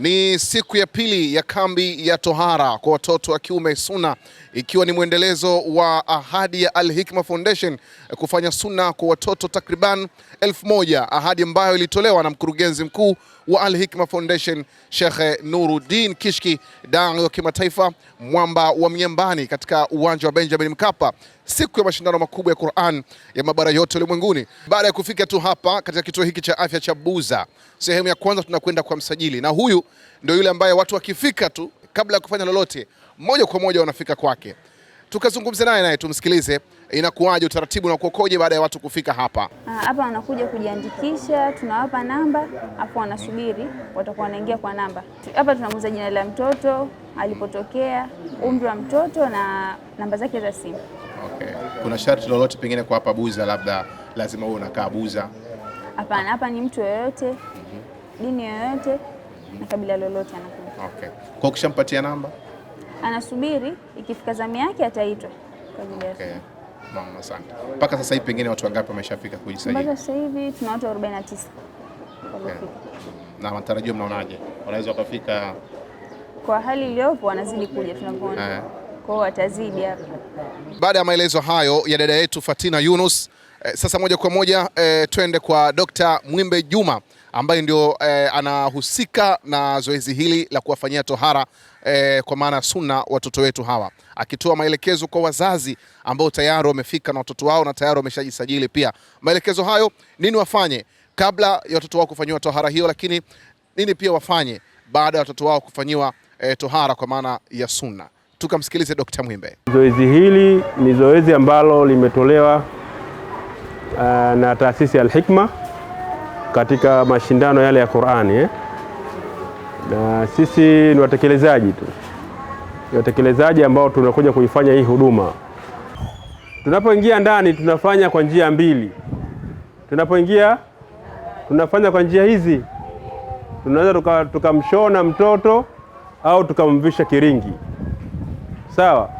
Ni siku ya pili ya kambi ya tohara kwa watoto wa kiume Suna, ikiwa ni mwendelezo wa ahadi ya Al Hikma Foundation kufanya Suna kwa watoto takriban elfu moja, ahadi ambayo ilitolewa na mkurugenzi mkuu wa Al Hikma Foundation shekhe Nuruddin Kishki, da'i wa kimataifa, mwamba wa mnyambani katika uwanja wa Benjamin Mkapa siku ya mashindano makubwa ya Qur'an ya mabara yote ulimwenguni. Baada ya kufika tu hapa katika kituo hiki cha afya cha Buza, sehemu ya kwanza tunakwenda kwa msajili, na huyu ndio yule ambaye watu wakifika tu, kabla ya kufanya lolote, moja kwa moja wanafika kwake. Tukazungumza naye naye, tumsikilize inakuwaje utaratibu na kuokoje baada ya watu kufika hapa. Ah, hapa wanakuja kujiandikisha, tunawapa namba, afu wanasubiri, watakuwa wanaingia kwa namba. Hapa tunamuuza jina la mtoto, alipotokea, umri wa mtoto na namba zake za simu. Okay. Kuna sharti lolote pengine kwa hapa Buza, labda lazima uwe unakaa Buza? Hapana, hapa ni mtu yoyote, dini yoyote na kabila lolote anakuja. Okay. Kwa ukishampatia namba anasubiri, ikifika zamu yake ataitwa kwa ajili okay. Mama, asante. Mpaka sasa hivi pengine watu wangapi wameshafika kujisajili? Mpaka sasa hivi tuna watu 49. Okay. Na matarajio mnaonaje, wanaweza wakafika? Kwa hali iliyopo wanazidi kuja, tunavyoona eh kwao watazidi hapa. Baada ya maelezo hayo ya dada yetu Fatina Yunus, eh, sasa moja kwa moja eh, twende kwa Dkt. Mwimbe Juma ambaye ndio eh, anahusika na zoezi hili la kuwafanyia tohara eh, kwa maana sunna watoto wetu hawa, akitoa maelekezo kwa wazazi ambao tayari wamefika na watoto wao na tayari wameshajisajili pia. Maelekezo hayo nini wafanye kabla ya watoto wao kufanyiwa tohara hiyo, lakini nini pia wafanye baada ya watoto wao kufanyiwa eh, tohara kwa maana ya sunna. Tukamsikilize Dkt. Mwimbe. Zoezi hili ni zoezi ambalo limetolewa uh, na taasisi ya alhikma katika mashindano yale ya Qur'ani eh? na sisi ni watekelezaji tu, ni watekelezaji ambao tunakuja kuifanya hii huduma. Tunapoingia ndani tunafanya kwa njia mbili, tunapoingia tunafanya kwa njia hizi, tunaweza tukamshona tuka mtoto au tukamvisha kiringi sawa.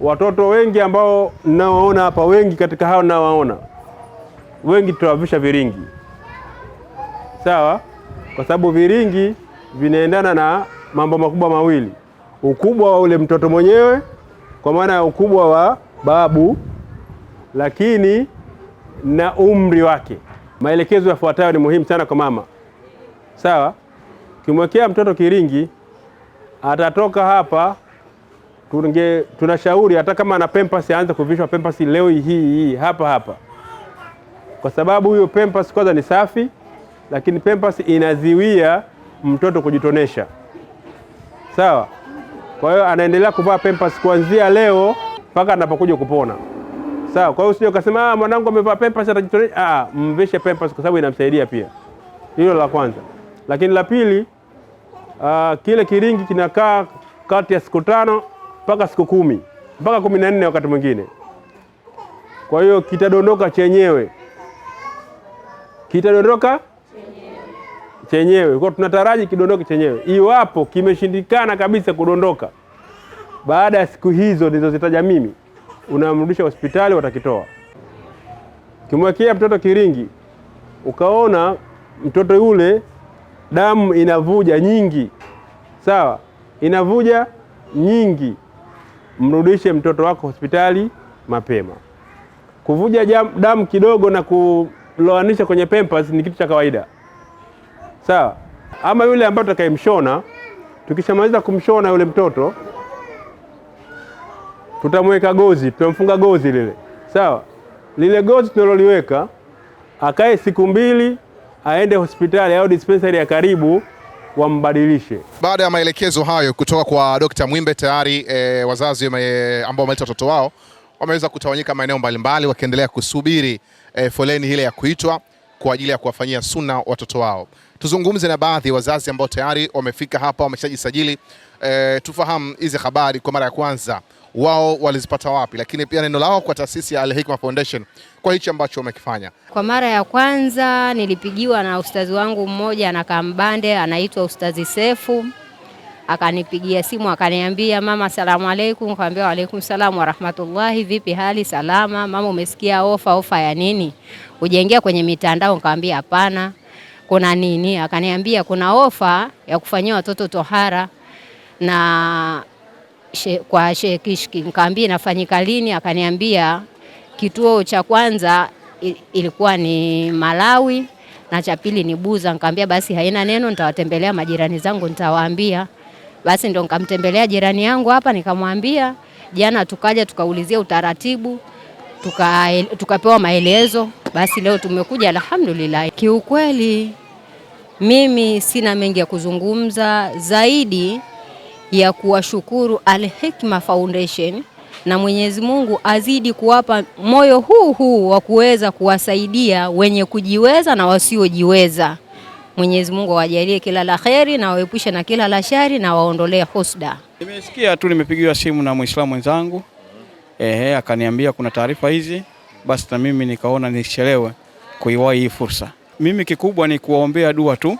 Watoto wengi ambao ninaoona hapa, wengi katika hao ninaoona, wengi, tutawavisha viringi, sawa, kwa sababu viringi vinaendana na mambo makubwa mawili: ukubwa wa ule mtoto mwenyewe, kwa maana ya ukubwa wa babu, lakini na umri wake. Maelekezo yafuatayo ni muhimu sana kwa mama, sawa. Ukimwekea mtoto kiringi atatoka hapa tunge tunashauri hata kama ana pempas aanze kuvishwa pempas leo hii hii hapa hapa, kwa sababu hiyo pempas kwanza ni safi, lakini pempas inaziwia mtoto kujitonesha. Sawa. Kwa hiyo anaendelea kuvaa pempas kuanzia leo mpaka anapokuja kupona. Sawa. Kwa hiyo usije ukasema ah, mwanangu amevaa pempas atajitonesha. Ah, ah mvishe pempas kwa sababu inamsaidia pia. Hilo la kwanza, lakini la pili, uh, kile kiringi kinakaa kati ya siku tano mpaka siku kumi mpaka kumi na nne wakati mwingine. Kwa hiyo kitadondoka chenyewe, kitadondoka chenyewe. Kwa tunataraji kidondoke chenyewe. Iwapo kimeshindikana kabisa kudondoka baada ya siku hizo nilizozitaja mimi, unamrudisha hospitali, watakitoa. Ukimwekea mtoto kiringi, ukaona mtoto yule damu inavuja nyingi, sawa, inavuja nyingi mrudishe mtoto wako hospitali mapema. Kuvuja damu kidogo na kuloanisha kwenye pampers ni kitu cha kawaida, sawa. Ama yule ambaye tutakayemshona, tukishamaliza kumshona yule mtoto tutamweka gozi, tutamfunga gozi lile, sawa. Lile gozi tunaloliweka akae siku mbili, aende hospitali au dispensari ya karibu wambadilishe. Baada ya maelekezo hayo kutoka kwa Dkt. Mwimbe, tayari e, wazazi ambao wameleta watoto wao wameweza kutawanyika maeneo mbalimbali wakiendelea kusubiri e, foleni ile ya kuitwa kwa ajili ya kuwafanyia suna watoto wao. Tuzungumze na baadhi ya wazazi ambao tayari wamefika hapa, wameshajisajili. E, tufahamu hizi habari kwa mara ya kwanza wao walizipata wapi, lakini pia neno lao kwa taasisi ya Al Hikma Foundation kwa hichi ambacho wamekifanya. Kwa mara ya kwanza nilipigiwa na ustazi wangu mmoja anakaa Mbande, anaitwa Ustazi Sefu akanipigia simu akaniambia, mama, asalamu alaikum. Nikamwambia waalaikum salamu warahmatullahi, vipi hali, salama? Mama, umesikia ofa? Ofa ya nini? Ujaingia kwenye mitandao? Nikamwambia hapana. Kuna nini? Akaniambia kuna ofa ya kufanyia watoto tohara na she, kwa Sheikh Kishki. Nikamwambia inafanyika lini? Akaniambia kituo cha kwanza ilikuwa ni Malawi na cha pili ni Buza. Nikamwambia basi haina neno, nitawatembelea majirani zangu nitawaambia basi ndo nikamtembelea jirani yangu hapa nikamwambia, jana tukaja tukaulizia utaratibu tuka, tukapewa maelezo. Basi leo tumekuja alhamdulillah. Kiukweli mimi sina mengi ya kuzungumza zaidi ya kuwashukuru Al Hikma Foundation na Mwenyezi Mungu azidi kuwapa moyo huu huu wa kuweza kuwasaidia wenye kujiweza na wasiojiweza. Mwenyezi Mungu awajalie kila la kheri na waepushe na kila la shari na waondolee husda. Nimesikia tu, nimepigiwa simu na Muislamu mwenzangu ehe, akaniambia kuna taarifa hizi, basi na mimi nikaona nichelewe kuiwahi hii fursa. Mimi kikubwa ni kuwaombea dua tu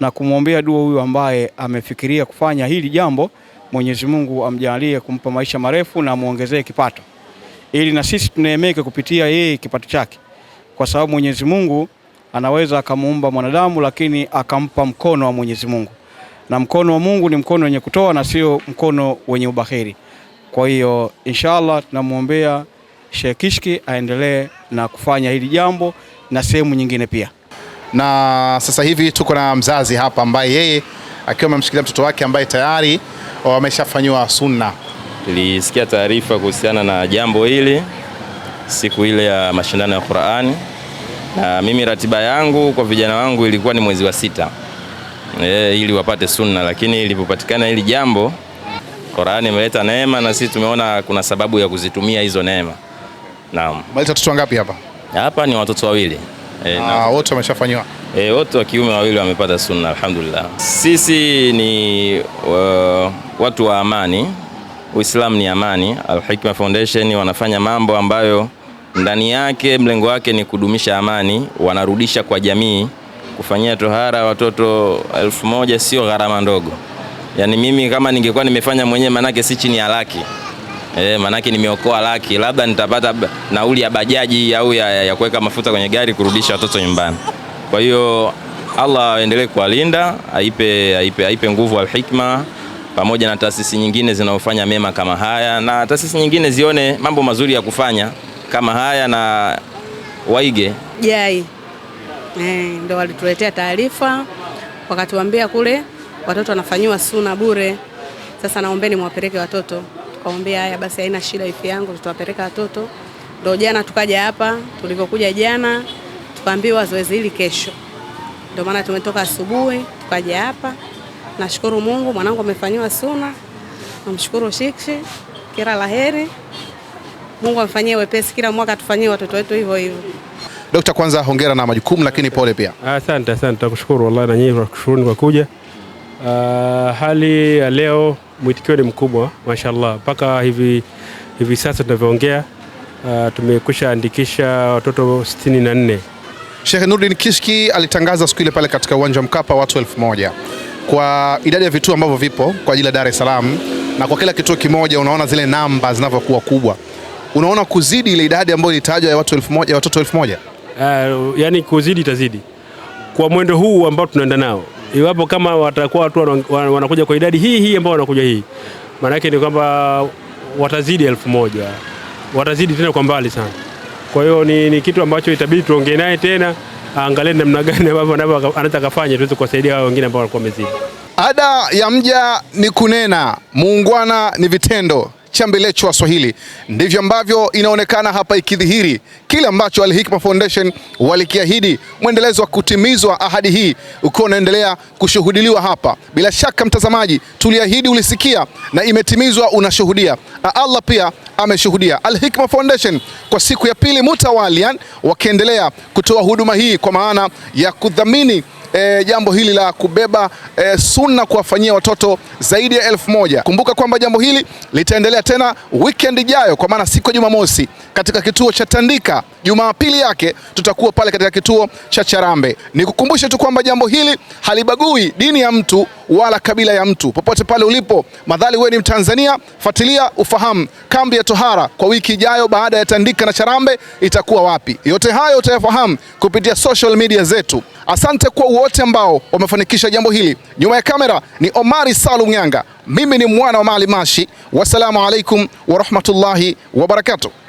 na kumwombea dua huyu ambaye amefikiria kufanya hili jambo, Mwenyezi Mungu amjalie kumpa maisha marefu na amwongezee kipato, ili na sisi tuneemeke kupitia yeye kipato chake, kwa sababu Mwenyezi Mungu anaweza akamuumba mwanadamu lakini akampa mkono wa Mwenyezi Mungu, na mkono wa Mungu ni mkono wenye kutoa na sio mkono wenye ubahiri. Kwa hiyo inshallah tunamwombea Sheikh Kishki aendelee na kufanya hili jambo na sehemu nyingine pia. Na sasa hivi tuko na mzazi hapa ambaye yeye akiwa amemshikilia mtoto wake ambaye tayari wameshafanyiwa sunna. Tulisikia taarifa kuhusiana na jambo hili siku ile ya mashindano ya Qur'ani na mimi ratiba yangu kwa vijana wangu ilikuwa ni mwezi wa sita e, ili wapate sunna, lakini ilipopatikana hili jambo, Qur'ani imeleta neema na sisi tumeona kuna sababu ya kuzitumia hizo neema. Naam. Maleta watoto ngapi hapa? Hapa ni watoto wawili. E, eh, ah, na wote wameshafanywa. Eh, wote wa kiume wawili wamepata sunna alhamdulillah. Sisi ni uh, watu wa amani. Uislamu ni amani. Al Hikma Foundation wanafanya mambo ambayo ndani yake mlengo wake ni kudumisha amani, wanarudisha kwa jamii. Kufanyia tohara watoto elfu moja sio gharama ndogo, yaani mimi kama ningekuwa nimefanya mwenyewe, manake si chini ya laki e, manake nimeokoa laki, labda nitapata nauli ya bajaji au ya, ya, ya kuweka mafuta kwenye gari kurudisha watoto nyumbani. Kwa hiyo Allah aendelee kuwalinda, aipe, aipe, aipe nguvu alhikma pamoja na taasisi nyingine zinaofanya mema kama haya na taasisi nyingine zione mambo mazuri ya kufanya kama haya na Waige Jai eh, ndo walituletea taarifa wakatuambia kule watoto wanafanyiwa suna bure. Sasa naombeni mwapeleke watoto, tukaombea haya basi, haina shida, ifi yangu tutawapeleka watoto. Ndo jana tukaja hapa, tulivyokuja jana tukaambiwa zoezi hili kesho, ndo maana tumetoka asubuhi tukaja hapa. Nashukuru Mungu, mwanangu amefanyiwa suna, namshukuru shikshi, kila laheri. Mungu amfanyie wepesi, kila mwaka tufanyie watoto wetu hivyo hivyo. Dokta, kwanza hongera na majukumu, lakini pole pia. Asante, asante, nakushukuru wallahi, na nyinyi tunashukuruni kwa kuja. Uh, hali ya leo mwitikio ni mkubwa mashallah, mpaka hivi, hivi sasa tunavyoongea, uh, tumekwisha andikisha watoto 64. Sheikh Nurdin Kishki alitangaza siku ile pale katika uwanja wa Mkapa watu elfu moja kwa idadi ya vituo ambavyo vipo kwa ajili ya Dar es Salaam, na kwa kila kituo kimoja unaona zile namba zinavyokuwa kubwa unaona kuzidi ile idadi ambayo ilitajwa ya watu elfu moja, watoto elfu moja? Uh, yani kuzidi itazidi kwa mwendo huu ambao tunaenda nao, iwapo kama watakuwa watu wanakuja kwa idadi hii hii ambao wanakuja hii, maana yake ni kwamba watazidi elfu moja, watazidi tena kwa mbali sana. Kwa hiyo ni, ni kitu ambacho itabidi tuongee naye tena aangalie namna gani ambavyo anaweza kafanya tuweze kuwasaidia wao wengine ambao walikuwa wamezidi. Ada ya mja ni kunena, muungwana ni vitendo cha Mbelecho wa Swahili. Ndivyo ambavyo inaonekana hapa ikidhihiri kile ambacho Al Hikma Foundation walikiahidi, mwendelezo wa kutimizwa ahadi hii ukiwa unaendelea kushuhudiliwa hapa. Bila shaka, mtazamaji, tuliahidi ulisikia, na imetimizwa unashuhudia, na Allah pia ameshuhudia. Al Hikma Foundation kwa siku ya pili mutawalian wakiendelea kutoa huduma hii kwa maana ya kudhamini e, jambo hili la kubeba e, sunna kuwafanyia watoto zaidi ya elfu moja. Kumbuka kwamba jambo hili litaendelea tena weekend ijayo, kwa maana siku ya Jumamosi katika kituo cha Tandika, Jumapili yake tutakuwa pale katika kituo cha Charambe. Nikukumbushe tu kwamba jambo hili halibagui dini ya mtu wala kabila ya mtu. Popote pale ulipo, madhali wewe ni Mtanzania, fuatilia ufahamu kambi ya tohara kwa wiki ijayo baada ya Tandika na Charambe itakuwa wapi. Yote hayo utayafahamu kupitia social media zetu. Asante kwa wote ambao wamefanikisha jambo hili. Nyuma ya kamera ni Omari Salum Nyanga, mimi ni mwana wa Mali Mashi. Wassalamu alaikum warahmatullahi wabarakatuh.